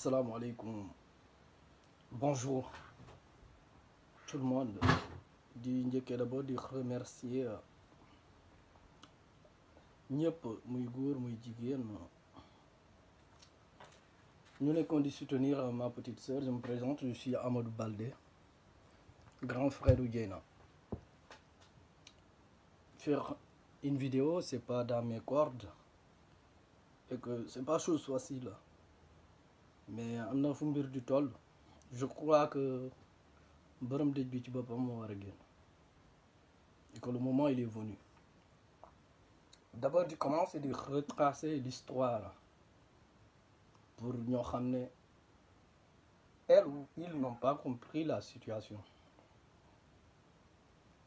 Salam alaikum. Bonjour tout le monde. di njëkkee d'abord di remercier ñëpp muy góor muy jigéen ñu nekkoon di soutenir ma petite sœur je me présente je suis Amadou Baldé grand frère u Dieyna une vidéo c'est pas dans mes cordes et que c'est pas chose facile mais am na fu mbir di toll je crois que borom dëj bi ci boppam moo war a génn et que le moment il est venu d'abord di commencer di retracer l'histoire pour ñoo xam ne elles ou ils n'ont pas compris la situation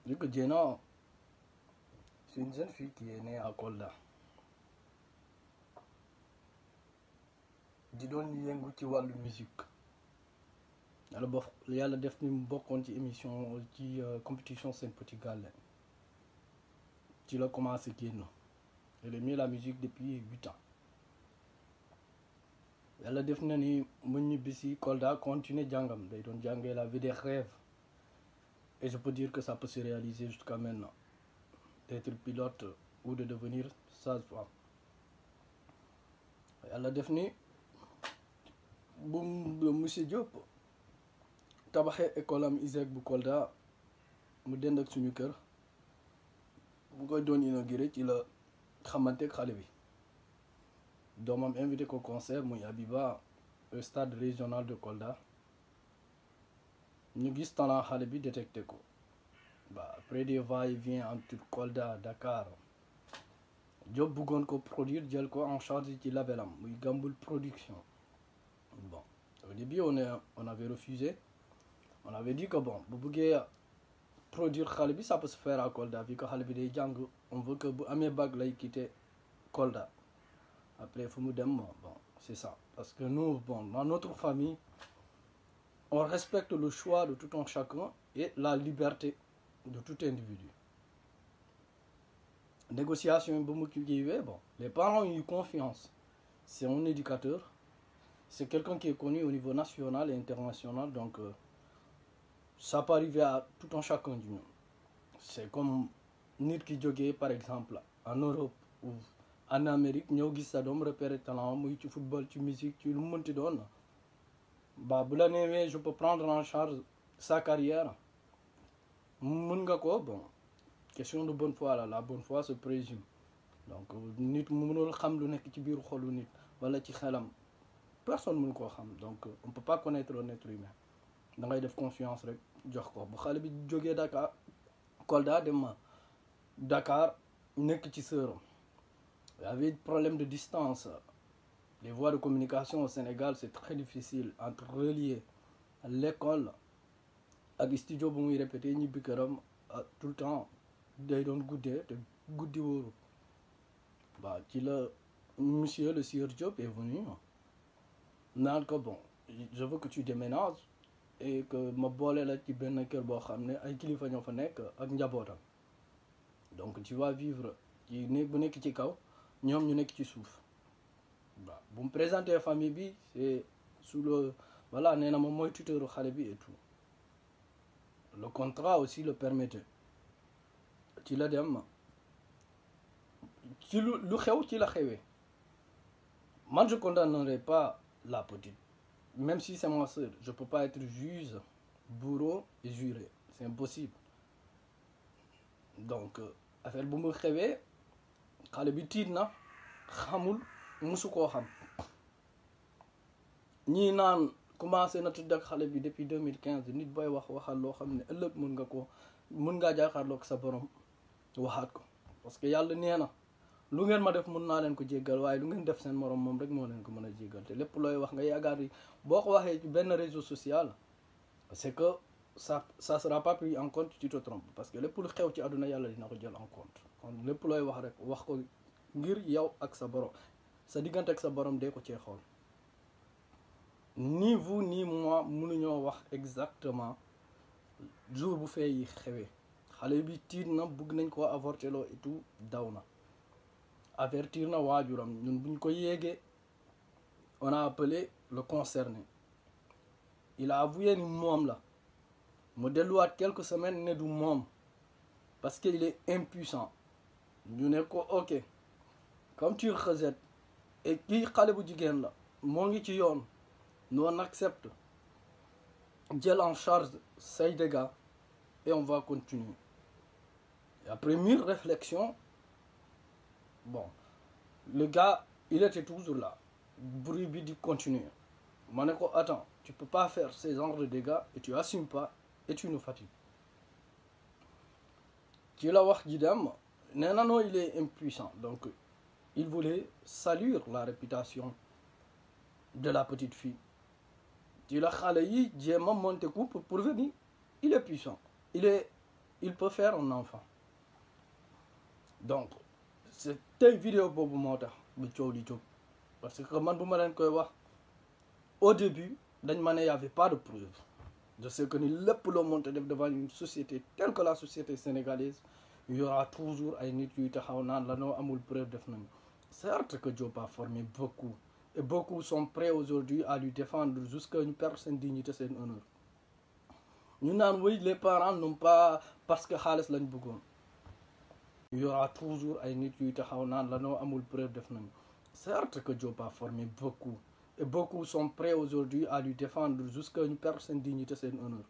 vu que Dieyna c'est une jeune fille qui à Kolda di doon yëngu ci wàllu musique yàlla boo yàlla def ni mu bokkoon ci émission ci euh, compétition Sen Petit ci la commencé génn il aimait la musique depuis huit ans yàlla def na ni mu ñibbisi Kolda continuer jàngam day doon jàngee la vie des et je peux dire que ça peut se réaliser jusqu'à maintenant d'être pilote ou de devenir sage-femme yàlla def ni bu monsieur Diop tabaxee école am ISEC bu Kolda mu dend ak suñu kër bu koy doon inauguré ci la xamante ak xale bi doomam invité ko concert muy Abiba au stade régional de Kolda ñu gis talent xale bi détecté ko ba après des va-et-vient entre Kolda Dakar Diop bëggoon ko produire jël ko en charge ci labelam muy Gamboul Production Bon, au début, on, est, on refusé. On avait dit que bon, bu produire xale bi ça peut se faire à Kolda vu que xale bi day jàng on veut que bu amee bac lay quitter Kolda après fu mu dem bon c'est ça parce que nous bon dans notre famille on respecte le choix de tout un chacun et la liberté de tout individu négociation yi mu kiiwee bon les parents ont eu confiance c'est un éducateur c'est quelqu'un qui est connu au niveau national et international, donc euh, ça peut arriver tout un chacun du C'est comme Nirki Djogé, par exemple, en Europe ou en Amérique, ñoo gis sa doom repéré talent muy ci football ci musique ci lu mënti doon ba bu la neewee je peux prendre en charge sa carrière mën nga ko bon question de bonne foi la la bonne foi se présume donc euh, nit mu mënul xam lu nekk ci biir xolu nit wala ci xelam personne mënu koo xam donc on peut pas connaître un être humain def confiance rek jox ko bu xale bi jógee Dakar Kolda dem ma Dakar nekk ci sëram y avait problème de distance les voies de communication au Sénégal c'est très difficile entre relier l'école ak studio bu muy répété ñibbi këram ah, tout le temps day doon guddee te guddi wóoru waaw ci la monsieur le sieur Diop est naan ko bon je veux que tu déménages et que ma boole la ci benn kër boo xam ne ay kilifa ñoo fa nekk ak njabootam donc tu vas vivre ci néeg bu nekk ci kaw ñoom ñu nekk ci suuf waaw bu mu présenter famille bi c'est sous le voilà nee na moom mooy tuteuru xale bi et tout le contrat aussi le permettait ci la dem ci lu xew ci la xewee man je condamnerai pas la petite. Même si c'est ma soeur, je peux pas être juge, bourreau juré. C'est impossible. donc euh, affaire bu mu xewee xale bi tiit na xamul musu koo xam ñii naan commencé na tudd ak xale bi depuis deux mille quinze nit booy wax waxal loo xam ne ëllëg mun nga ko mun ngaa jaaxaarloog sa borom waxaat ko parce yàlla nee na lu ngeen ma def mun naa leen ko jéggal waaye lu ngeen def seen morom moom rek moo leen ko mën a jéggal te lépp looy wax nga yaakaar boo ko waxee benn réseau social parce que sa ça sera pas pris en compte tu te parce que lépp lu xew ci àdduna yàlla dina ko jël en compte kon lépp looy wax rek wax ko ngir yow ak sa borom sa diggante ak sa borom dee ko cee xool ni vous ni moi ñoo wax exactement jour bu fee xewee xale bi tiit na bëgg nañ koo avorté loo et daw na avertir na waajuram ñun buñ ko yéegee on a appelé le concerné il a avoué ni moom la mu delluwaat quelques semaines ne du moom parce que il est impuissant ñu ne ko ok comme tu rejettes et kii xale bu jigéen la moo ngi ci yoon noon accepte jël en charge say dégâts et on va continuer et après mûre réflexion bon le gars il était toujours là bruit bi di continuer ma ne ko attends tu peux pas faire ce genre de dégâts et tu assumes pas et tu nous fatigues ci la wax ji dem nee na non il est impuissant donc il voulait salir la réputation de la petite fille ci la xale yi jéem a monter pour prouver ni il est puissant il est il peut faire un enfant donc c'est tey vidéo boobu moo tax ba coow li jóg parce que man bu ma leen koy wax au début dañ ma ne y avait pas de preuve que ni lépp loo monte def devant une société telle que la société sénégalaise il y aura toujours ay nit yuy taxaw la noo amul preuve def nañu certes que Diop a formé beaucoup et beaucoup sont prêts aujourd'hui à lui défendre jusqu'à ñu perdre seen dignité seen honneur ñu naan oui les parents n'ont pas parce que xaalis lañ buggoon il y aura ay nit yuy taxaw naan lanoo amul preuve def nañu certes que Diop a formé beaucoup et beaucoup sont prêts aujourd'hui à lui défendre jusqu'à ñu perdre seen dignité seen honneur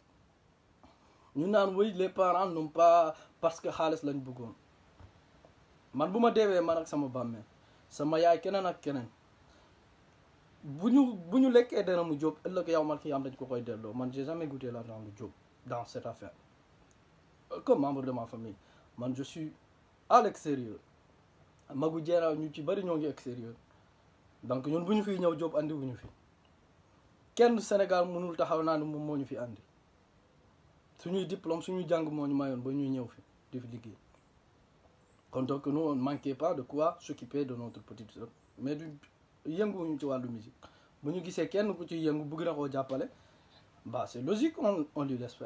ñu naan oui les parents n'ont pas parce que xaalis lañ bëggoon man bu ma deewee man ak sama bàmmeel sama yaay keneen ak keneen bu ñu bu ñu lekkee dana mu Diop ëllëg yow man ki am dañ ko koy delloo man j'ai jamais goûté l'argent du Diop dans cette affaire comme membre de famille man je à l'extérieur magu Diarra ñu ci bari ñoo ngi extérieur donc ñoon bu ñu fiy ñëw job andi wu ñu fi kenn Sénégal mënul taxaw naa ne moom moo ñu fi andi suñuy diplôme suñuy jàng moo ñu mayoon ba ñuy ñëw fi di fi liggéey kon donc nous on ne pas de quoi s'occuper de notre petite sœur mais du yënguwuñu ci wàllu musique bu ñu gisee kenn ku ci yëngu bëgg na koo jàppale bah c'est logique on on lui laisse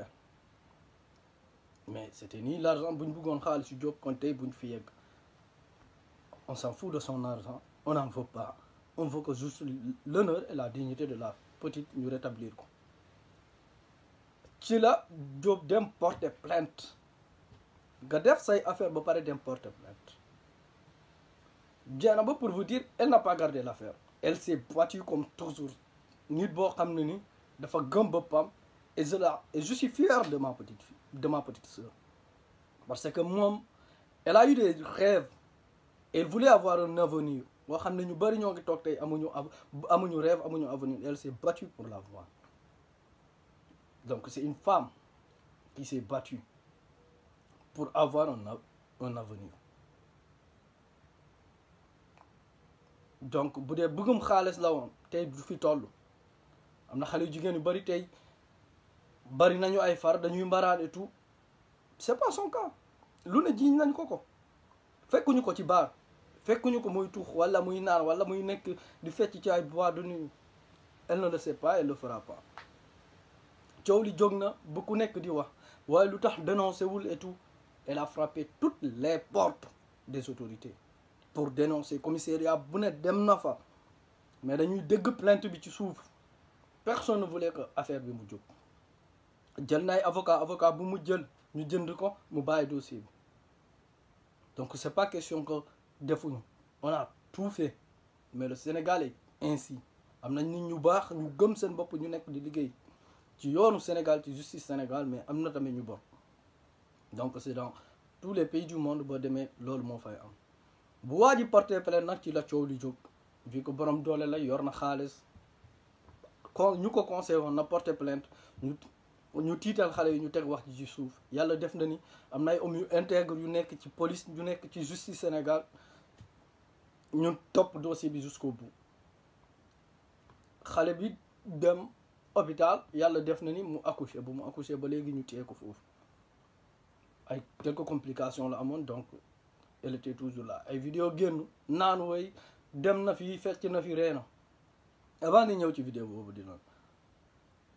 mais c'était ni l'argent bu ñu bëggoon xaalis yu jóg kon tey bu ñu fi yegg on s'en fout de son argent on n'en veut pas on veut que juste l'honneur et la dignité de la petite ñu rétablir ko ci la Diop dem porté plainte nga def say affaire ba pare dem porter plainte ba pour vous dire elle n'a pas gardé l'affaire elle s'est battue comme toujours nit boo xam ne ni dafa gëm boppam et je la et je de ma petite fille de ma petite Parce que moom elle a eu des rêves elle voulait avoir un avenir boo xam ne ñu bari ñoo ngi toog tey amuñu amuñu rêve amuñu avenir elle s'est battue pour la l'avoir donc c'est une femme qui s'est battue pour avoir un un donc bu dee bëggum xaalis la woon tey du fi toll am na xale yu jigéen yu bëri tey bari nañu ay far dañuy mbaraan et tout c'est pas son cas lu ne jiiñ nañ ko ko fekkuñu ko ci baar fekkuñu ko muy tuux wala muy naan wala muy nekk di fecc ci ay bois de nuit elle ne le sait pas elle le fera pas coow li jóg na bu ku nekk di wax waaye lu tax dénoncé wul et tout elle a frappé toutes les portes des autorités pour dénoncer commissariat bu ne dem na fa mais dañuy dégg plainte bi ci suuf personne ne voulait que affaire bi mu jóg jël na ay avocat avocat bu mu jël ñu jënd ko mu bàyyi dossier bi donc c'est pas question ko defuñu on a tout fait mais le Sénégalais ainsi am na nit ñu baax ñu gëm seen bopp ñu nekk di liggéey ci yoonu Sénégal ci justice Sénégal mais am na tamit ñu bon donc c'est dans tous les pays du monde boo demee loolu moo fay am bu waa ji porté plainte nag ci la coow li jóg vu ko boroom doole la yor na xaalis kon ñu ko conseillé woon na porté plainte ñu ñu tiital xale yi ñu teg wax ji ci suuf yàlla def na ni am na ay hommes yu intègre yu nekk ci police yu nekk ci justice Sénégal ñu topp dossier bi jusqu'au bout xale bi dem hôpital yàlla def na ni mu accouché bu mu accouché ba léegi ñu téye ko foofu ay quelques complication la amoon donc elle toujours la ay vidéo génn naan way dem na fi fecc na fi reena avant ni ñëw ci vidéo boobu dinoon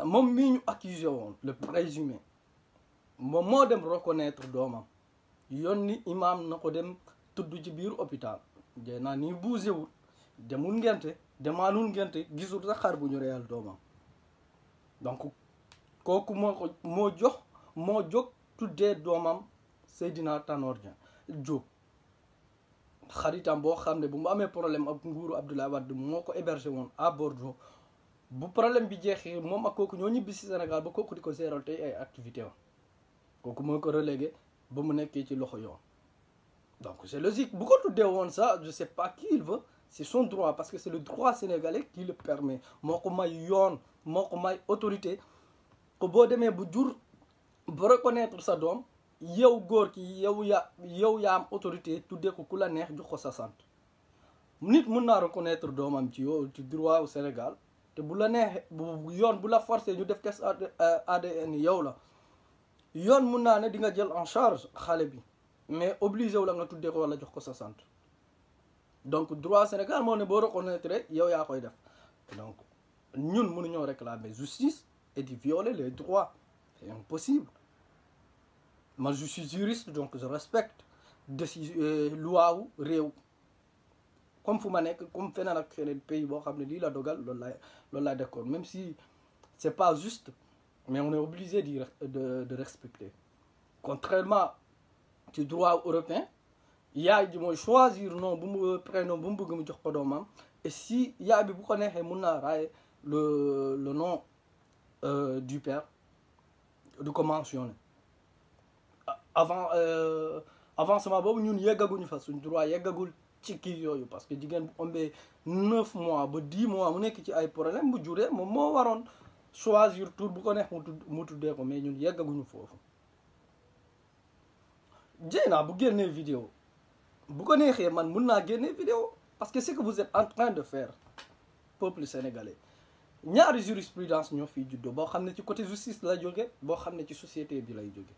moom mii ñu accusé woon le présumé moom moo dem reconnaître doomam yónni imaam na ko dem tudd ci biir hôpital jey naa nii buusewul demul ngente demaanul ngente gisul sa xar bu ñu reyal doomam donc kooku moo ko moo jox moo jóg tuddee doomam Seydina Tanor Diop xaritam boo xam ne bu mu amee problème ak nguuru Abdoulaye Wade moo ko hébergé woon à Bordeaux bu problème bi jeexee moom ak kooku ñoo ñibbi si Sénégal ba kooku di ko géral tey activité am kooku moo ko relégué ba mu nekkee ci loxo yoon donc c'est logique bu ko tuddee woon sa je sais pas qui il veut c'est son droit parce que c'est le droit sénégalais qui le permet moo ko may yoon moo ko may autorité ko boo demee bu jur ba reconnaître sa doom yow góor ki yow ya yow yaa am autorité tuddee ko ku la neex jox ko sa sant nit mun naa reconnaître doomam ci yow ci droit Sénégal te bu la neexee yoon bu la forcé ñu def test ADN yow la yoon mun naa ne di nga jël en charge xale bi mais obligé wu la nga tuddee ko wala jox ko sa sant donc droit Sénégal moo ne boo reconnaître yow yaa koy def donc ñun mënuñoo réclamer justice et di violer les droits c'est impossible man je suis juriste donc je respecte décision euh, loi wu réew comme fu ma nekk comme feneen ak feneen pays boo xam ne lii la dogal loolu laay loolu laay d'accord même si c'est pas juste mais on est obligé de de de respecter contrairement ci droit européen yaay ji mooy choisir non bu mu prénom bu mu bëgg mu jox ko doomam et si yaay bi bu ko neexee mun naa raaye le le nom euh, du père du ko mentionner avant euh, avancement boobu ñun yeggaguñu fa suñ droit yeggagul ci kii yooyu parce que jigéen bu ëmbee neuf mois ba dix mois mu nekk ci ay problème bu juree moom moo waroon choisir tour bu ko neex mu tudd tuddee ko mais ñun yeggaguñu foofu Dieyna bu génnee video bu ko neexee man mun naa génnee vidéo parce que ce que vous êtes en train de faire peuple sénégalais ñaari jurisprudence ñoo fiy juddo boo xam ne ci côté justice la jóge boo xam ne ci société bi lay jóge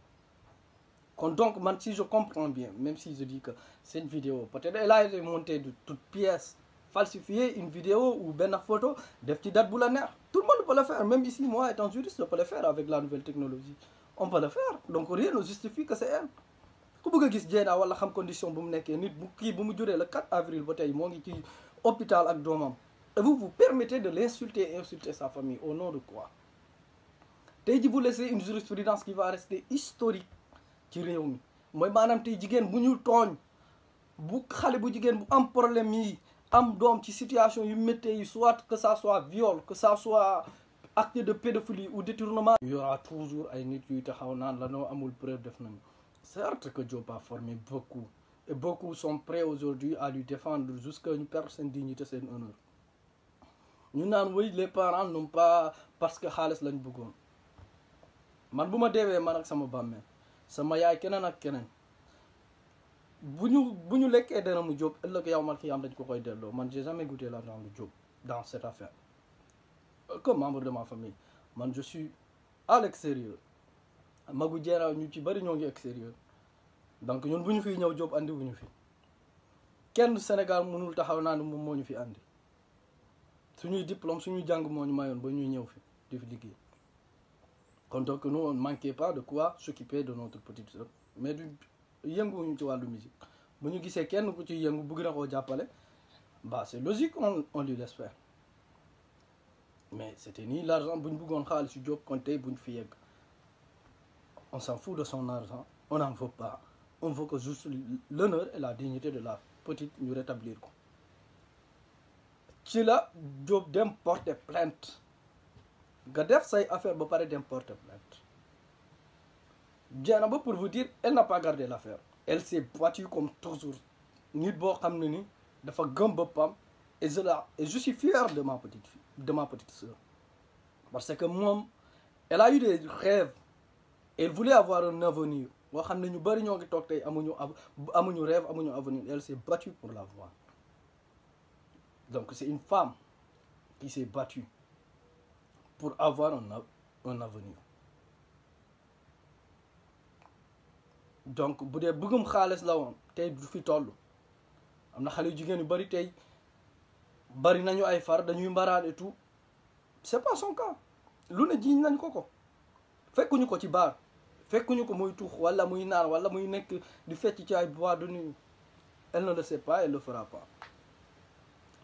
kon donc man si je comprends bien même si je dis que cette vidéo peut-être elle a été montée de toutes pièces falsifier une vidéo ou benn photo def ci date bu la neex tout le monde peut le faire même ici moi étant juriste je peux faire avec la nouvelle technologie on peut le faire donc rien ne justifie que c'est elle ku bëgg a gis Dieyna wala xam condition bu mu nekkee nit bu kii bu mu juree le 4 avril ba tey moo ngi ci hôpital ak doomam et vous vous permettez de l'insulter et insulter sa famille au nom de quoi tey ji vous laissez une jurisprudence qui va rester ci réew mi mooy maanaam tey jigéen bu ñu tooñ bu xale bu jigéen bu am problème yi am doom ci situation yu méttee yi soit que ça soit viol que ça soit acte de pédophilie ou détournement il y aura toujours ay nit yuy taxaw naan la noo amul preuve def nañu certes que Diop a formé beaucoup et beaucoup sont prêts aujourd'hui à lui défendre jusqu'à ñu perdre seen dignité seen honneur ñu naan wéy les parents non pas parce que xaalis lañ bëggoon man bu ma dee man sama bàmmeel sama yaay keneen ak keneen bu ñu bu ñu lekkee dërëmu Diop ëllëg yow man ki am dañ ko koy delloo man j'ai jamais goûté l'argent de Diop dans cette affaire comme membre de ma famille man je suis à l'extérieur magu jeeraaw ñu ci bëri ñoo ngi extérieur donc ñun bu ñu fiy ñëw Diop andi wu ñu fi kenn Sénégal mënul taxaw naa ne moom moo ñu fi andi suñuy diplôme suñuy jàng moo ñu mayoon ba ñuy ñëw fi di fi liggéey kontaan que nous on ne manquait pas de quoi s'occuper de notre petite sœur mais du yënguwuñu ci wàllu musique bu ñu gisee kenn ku ci yëngu bëgg na koo jàppale bah c'est logique on on lui laisse faire mais c'était ni l'argent bu ñu buggoon xaalis yu jóg kon tey bu ñu fi yegg on s'en fout de son argent on n'en veut pas on veut que juste l'honneur et la dignité de la petite ñu rétablir ko ci la Diop dem porter plainte nga def say affaire ba pare dem porte plainte ba pour vous dire elle n'a pas gardé l'affaire elle s'est battue comme toujours nit boo xam ne ni dafa gëm boppam et je la et je suis fier de ma petite de ma petite sœur parce que moom elle a eu des rêves elle voulait avoir un avenir boo xam ne ñu bëri ñoo ngi toog tey amuñu amuñu rêve amuñu avenir elle s'est battue pour l'avoir donc c'est une femme qui s'est battue pour avoir un, un avenir donc bu dee bëggum xaalis la woon tey du fi toll am na xale yu jigéen yu bari tey bari nañu ay far dañuy mbaraan et tout c'est pas son cas lu ne jiiñ nañ ko ko fekkuñu ko ci baar fekkuñu ko muy tuux walla muy naan walla muy nekk di fecc ci ay bois de nuit elle ne le sait pas elle le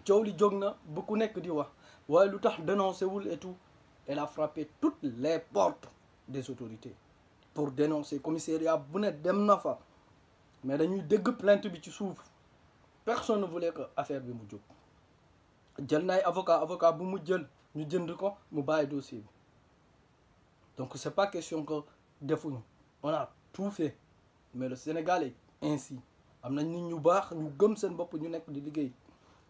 coow li jóg na bu ku nekk di wax waaye lu tax dénoncé wul et elle a frappé toutes les portes des autorités pour dénoncer commissariat bu ne dem na fa mais dañuy dëgg plainte bi ci suuf personne ne voulait que affaire bi mu jóg jël naay avocat avocat bu mu jël ñu jënd ko mu bàyyi dossier bi donc c'est pas question que defuñu on a tout fait mais le Sénégalais ainsi am na nit ñu baax ñu gëm seen bopp ñu nekk di liggéey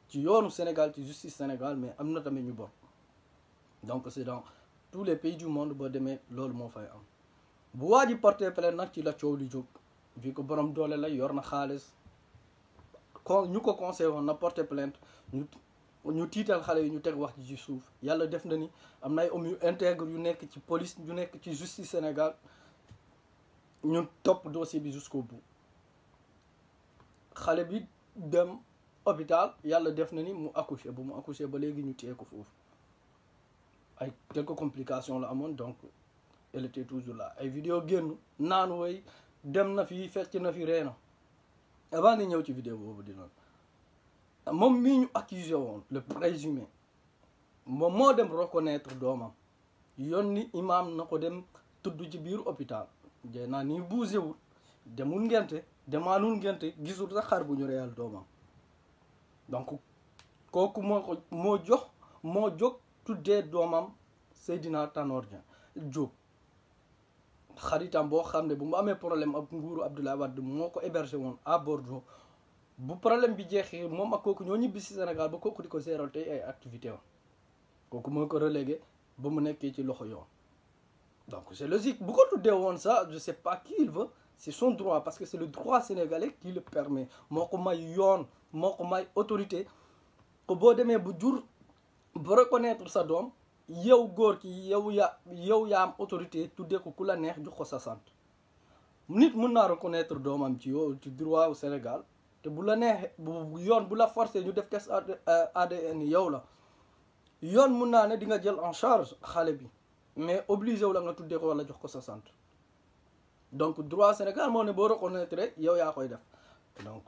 ci yoonu Sénégal ci justice Sénégal mais am na tamit ñu bon donc c'est dans tous les pays du monde boo demee loolu moo fay am bu waa ji porté plainte nag ci la coow li jóg vu ko borom doole la yor na xaalis kon ñu ko conseillé woon na porté plainte ñu tiital xale yi ñu teg wax ji ci suuf yàlla def na ni am na ay hommes yu intègre yu nekk ci police yu nekk ci justice Sénégal ñu topp dossier bi jusqu'au bout xale bi dem hôpital yàlla def na ni mu accouché bu mu accouché ba léegi ñu téye ko foofu ay quelques complication la amoon donc elle toujours la ay vidéo génn naan woy dem na fi fecc na fi ree na avant ni ñëw ci vidéo boobu dinoon moom mii ñu accusé woon le présumé moom moo dem reconnaître doomam yónni imaam na ko dem tudd ci biir hôpital de naa nii buusewul demul ngente demaanul ngente gisul sax xar bu ñu reyal doomam donc kooku moo ko moo jox moo jog tuddee doomam Seydina Tanor Diop xaritam boo xam ne bu mu amee problème ak nguuru Abdoulaye Wade moo ko hébergé woon à bu problème bi jeexee moom ak kooku ñoo ñibbi si Sénégal ba kooku di ko géral tey activité am kooku moo ko relégué ba mu nekkee ci loxo yoon donc c'est logique bu ko tuddee woon sax je sais pas qui il veut c'est son droit parce que c'est le droit sénégalais qui le permet moo ko may yoon moo ko may autorité ko boo demee ba reconnaître sa doom yow góor ki yow ya yow yaa am autorité tuddee ko ku la neex jox ko sa sant nit mun naa reconnaître doomam ci yow ci droit au Sénégal te bu la neexee bu yoon bu la forcé ñu def test ADN yow la yoon mun naa ne di nga jël en charge xale bi mais obligé wu la nga tuddee ko wala jox ko sa sant donc droit Sénégal moo ne boo reconnaître yow yaa koy def donc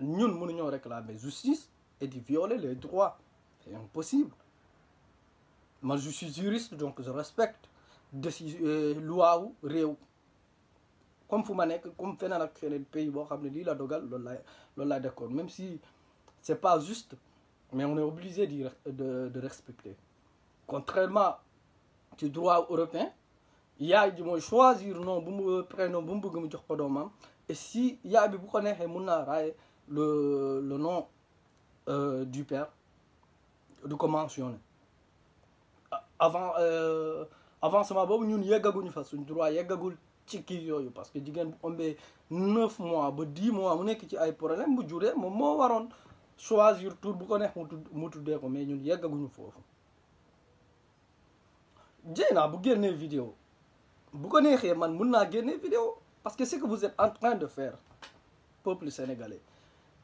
ñun mënuñoo réclamer justice et di violer les droits C'est impossible. Moi, je suis juriste, donc je respecte décision euh, loi wu réew. comme fu ma nekk comme feneen ak feneen pays boo xam ne lii la dogal loolu laay loolu laay d'accord même si c'est pas juste mais on est obligé de de de respecter contrairement ci droit européen yaay ji mooy choisir non bu mu euh, prénom bu mu bëgg mu jox ko doomam et si yaay bi bu ko neexee mun naa raaye le le nom euh, du père du ko mentionné avant euh, avancement boobu ñun yeggaguñu fa suñ droit yeggagul ci kii yooyu parce que jigéen bu ëmbee neuf mois ba dix mois mu nekk ci ay problème bu juree moom moo waroon choisir tour bu ko neex mu tudd tuddee ko mais ñun yeggaguñu foofu naa bu génnee vidéo bu ko neexee man mun naa génnee vidéo parce que ce que vous êtes en train de fair peuple sénégalais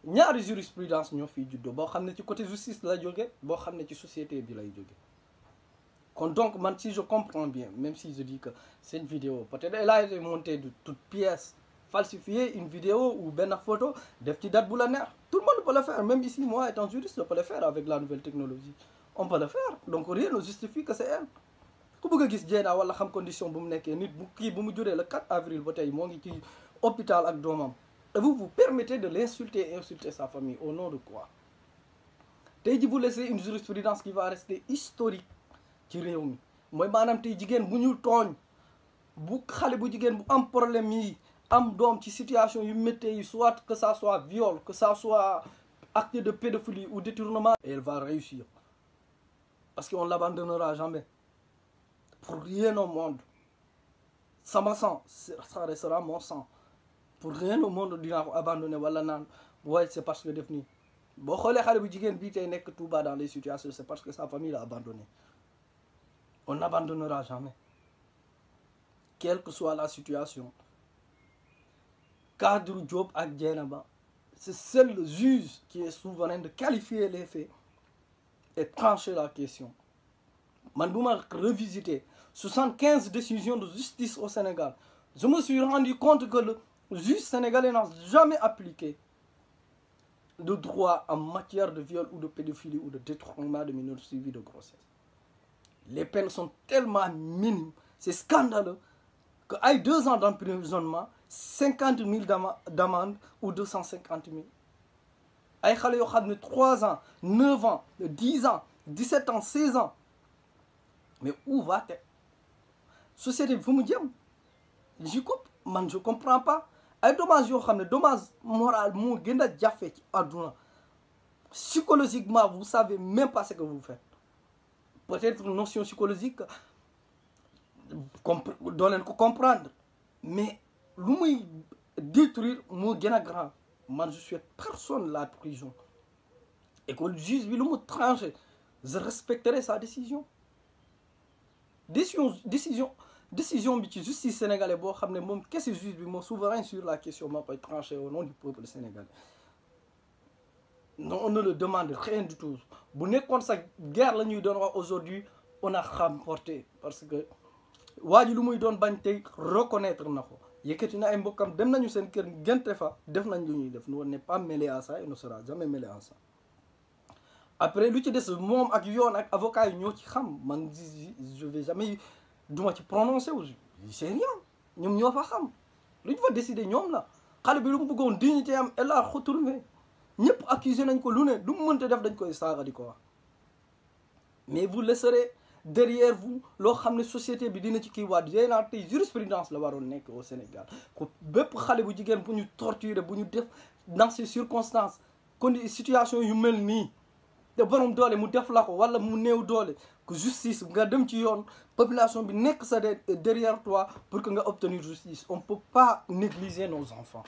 ñaari jurisprudence ñoo fiy juddoo boo xam ne ci côté justice la jóge boo xam ne ci société bi lay jóge kon donc man si je comprends bien même si je dis que cette vidéo peut-être elle a été montée de toute pièce falsifier une vidéo ou benn photo def ci dat bu la neex tout le monde peut le faire même ici moi étant juriste je peux le faire avec la nouvelle technologie on peut le faire donc rien ne justifie que c'est elle ku bëgg a gis Dieyna wala xam condition bu mu nekkee nit bu kii bu mu juree le 4 avril ba tey moo ngi ci hôpital ak doomam vous vous permettez de l'insulter et insulter sa famille au nom de quoi tey ji vous laissez une jurisprudence qui va rester historique ci réew mi mooy maanaam tey jigéen bu ñu tooñ bu xale bu jigéen bu am problème yi am doom ci situation yu méttee yi soit que ça soit viol que ça soit acte de pédophilie ou détournement et elle va réussir parce qu'on l'abandonnera jamais pour rien au monde sama sang ça restera mon sang pour rien au monde dinaa ko abandonné wala naan waaye c'est parce que def nii boo xoolee xale bu jigéen bii tey nekk Touba dans les situations c'est parce que sa famille l'a abandonné on n'abandonnera jamais quelle que soit la situation cadre Diop ak Dieynaba c'est seul le juge qui est souverain de qualifier les faits et trancher la question man bu ma revisiter soixante-quinze de justice au Sénégal je me suis rendu compte que le juge sénégalais n'a jamais appliqué de droit en matière de viol ou de pédophilie ou de détournement de mineurs suivis de grossesse. Les peines sont tellement minimes, c'est scandaleux, que ay deux ans d'emprisonnement, cinquante mille d'amende ou deux cent cinquante mille ay xale yoo xam ne trois ans neuf ans dix ans dix-sept ans seize ans mais où va-t-elle société bi fu mu jëm man je comprends pas ay dommage yoo xam ne dommage moral moo gën a jafe ci àdduna psychologiquement vous savez même pas ce que vous faites peut-être notion psychologique comp doo leen ko comprendre mais lu muy détruire moo gën a grand man je suis personne la prison et que juge bi lu mu tranché je respecterai sa décision décision décision décision bi ci justice sénégalais boo xam ne moom kese juge bi moo souverain sur la question moo koy tranché au nom du peuple sénégalais non ne le demande rien du tout bu nekkoon sa guerre la ñuy doon wax aujourd'hui on a remporté parce que waa ji lu muy doon bañ tey reconnaître na ko yëkkati na ay mbokkam dem nañu seen kër gënte fa def nañ lu ñuy def nous on n'est pas mêlé à ça et ne sera jamais mêlé à ça après lu ci des moom ak yoon ak avocat yi ñoo ci xam man je vais jamais duma ci prononcé wu c'est rien ñoom ñoo fa xam lu ñu fa décidé ñoom la xale bi lu mu bëggoon ci am elle a retourné ñëpp accusé nañ ko lu ne du mu def dañ koy saaga di ko wax mais vous laisserez derrière vous loo xam ne société bi dina ci kii waat a tey jurisprudence la waroon nekk au Sénégal ko bépp xale bu jigéen bu ñu torturer bu ñu def dans ces circonstances kon situation yu mel nii te borom doole mu def la ko wala mu néew doole que justice nga dem ci yoon population bi nekk sa derrière toi pour que nga obtenir justice on peut pas négliger nos enfants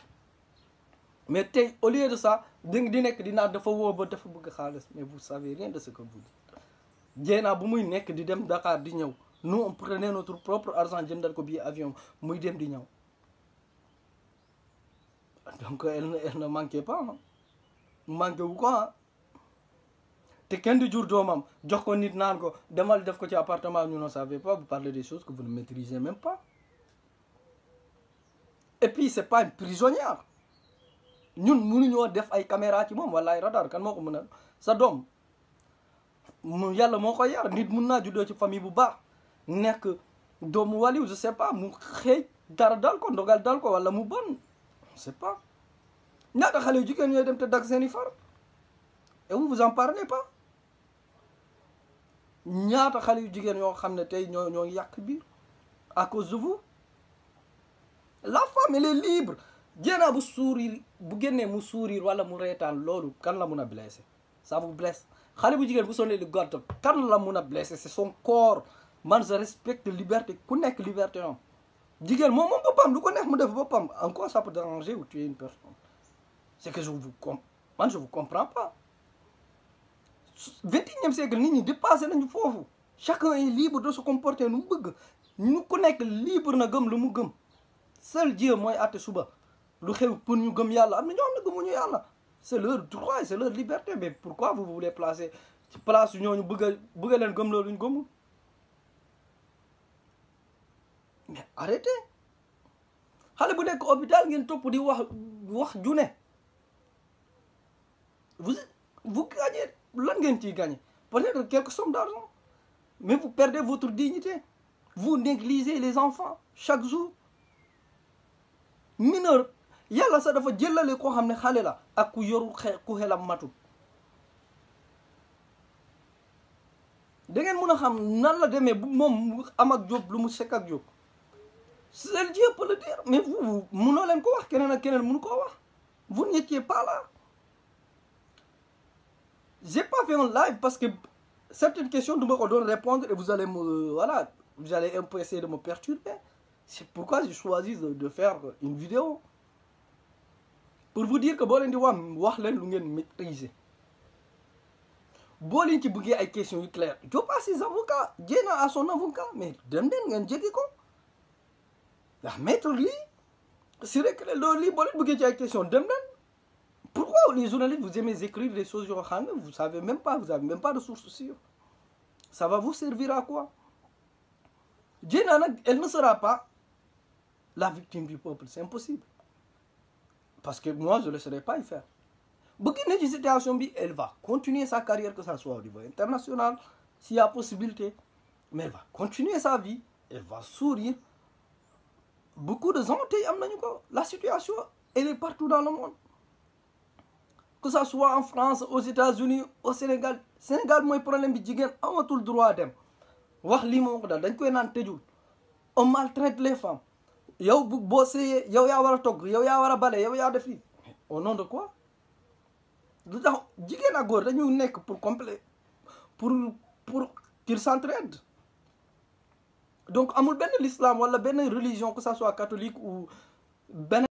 mais tey au lieu de ça di di nekk dinaa dafa woo ba dafa bëgg xaalis mais vous savez rien de ce que vous dites jéenaa bu muy nekk di dem Dakar di ñëw nous on prenait notre propre argent jëndal ko bii avion muy dem di ñëw donc elle ne elle ne manquait pas wu ko te kenn du jur doomam jox ko nit naan ko demal def ko ci appartement ñu ne savez pas vous parlez des choses que vous ne maîtrisez même pas et puis c'est pas une prisonnière ñun mënuñoo def ay caméra ci moom wala ay radar kan moo ko mën na sa doom mu yàlla moo ko yar nit mun naa juddoo ci famille bu baax nekk doom waliw je sais pas mu xëy dara dal ko ndogal dal ko wala mu bon je sais pas ñaata xale yu jigéen ñooy dem te dag seen i far et vous vous pas ñaata xale yu jigéen yoo xam ne tey ñoo ñoo yàq bi à cause de vous la femme elle libre jéenaa bu sourire bu génnee mu sourire wala mu reetaan loolu kan la mun a blessé ça vous blesse xale bu jigéen bu solee le garde kan la mun a blessé c'est son corps man je respecte liberté ku nekk liberté am jigéen moom moom boppam lu ko neex mu def boppam en quoi ça peut déranger ou tuer une personne c'est que je vous comprends pas vingt et unième siècle nit ñi dépassé nañu foofu chacun est libre de se comporter nu mu bëgg ñu ku nekk libre na gëm lu mu gëm seul Dieu mooy atte suba lu xew pour ñu gëm yàlla am na ñoo xam ne gëmuñu yàlla c'est leur droit et c'est leur liberté mais pourquoi vous voulez placer place ñooñu bëgg a leen gëm loo loolu ñu gëmul mais arrêtez xale bu nekk hôpital ngeen topp di wax wax ju ne vous vous lan ngeen ciy gagné peut-être quelques sommes d'argent mais vous perdez votre dignité vous négligez les enfants chaque jour mineur yàlla sax dafa jëlale koo xam ne xale la ak ku yorul xe ku xelam matul da ngeen mën a xam nan la demee bu moom am ak Jóob lu mu sekk ak Jóob le Dieu peut le dire mais vous munoo leen ko wax keneen ak keneen mënu koo wax vous n'étiez pas là j'ai pas fait un live parce que certaines questions du ma ko doon répondre et vous allez me voilà vous allez un peu essayer de me perturber c'est pourquoi j'ai choisi de faire une vidéo pour vous dire que boo leen di wax wax leen lu ngeen maîtriser boo leen ci bëggee ay questions yu claires Diop a ses avocats Dieyna a son avocat mais dem leen ngeen jege ko ndax maître lii c'est vrai que loolu lii boo leen bëggee ci ay questions dem Pourquoi les journalistes, vous aimez écrire des choses, vous ne savez même pas, vous n'avez même pas de source sûre Ça va vous servir à quoi Dieu, elle ne sera pas la victime du peuple, c'est impossible. Parce que moi, je ne laisserai pas y faire. Bukine di situation bi, elle va continuer sa carrière, que ce soit au niveau international, s'il y a possibilité. Mais elle va continuer sa vie, elle va sourire. Beaucoup de gens, la situation, elle est partout dans le monde. que ça soit en France aux États-Unis au Sénégal Sénégal mooy problème bi jigéen amatul droit dem wax lii moom ko dal dañ koy naan tëjul on maltraite les femmes yow bu boo séyee yow yaa war a togg yow yaa war a bale yow yaa defi lii au de quoi lu tax jigéen ak góor dañu nekk pour complet pour pour qu'ils s'entraident donc amul benn l'islam wala benn religion que ça soit catholique ou benn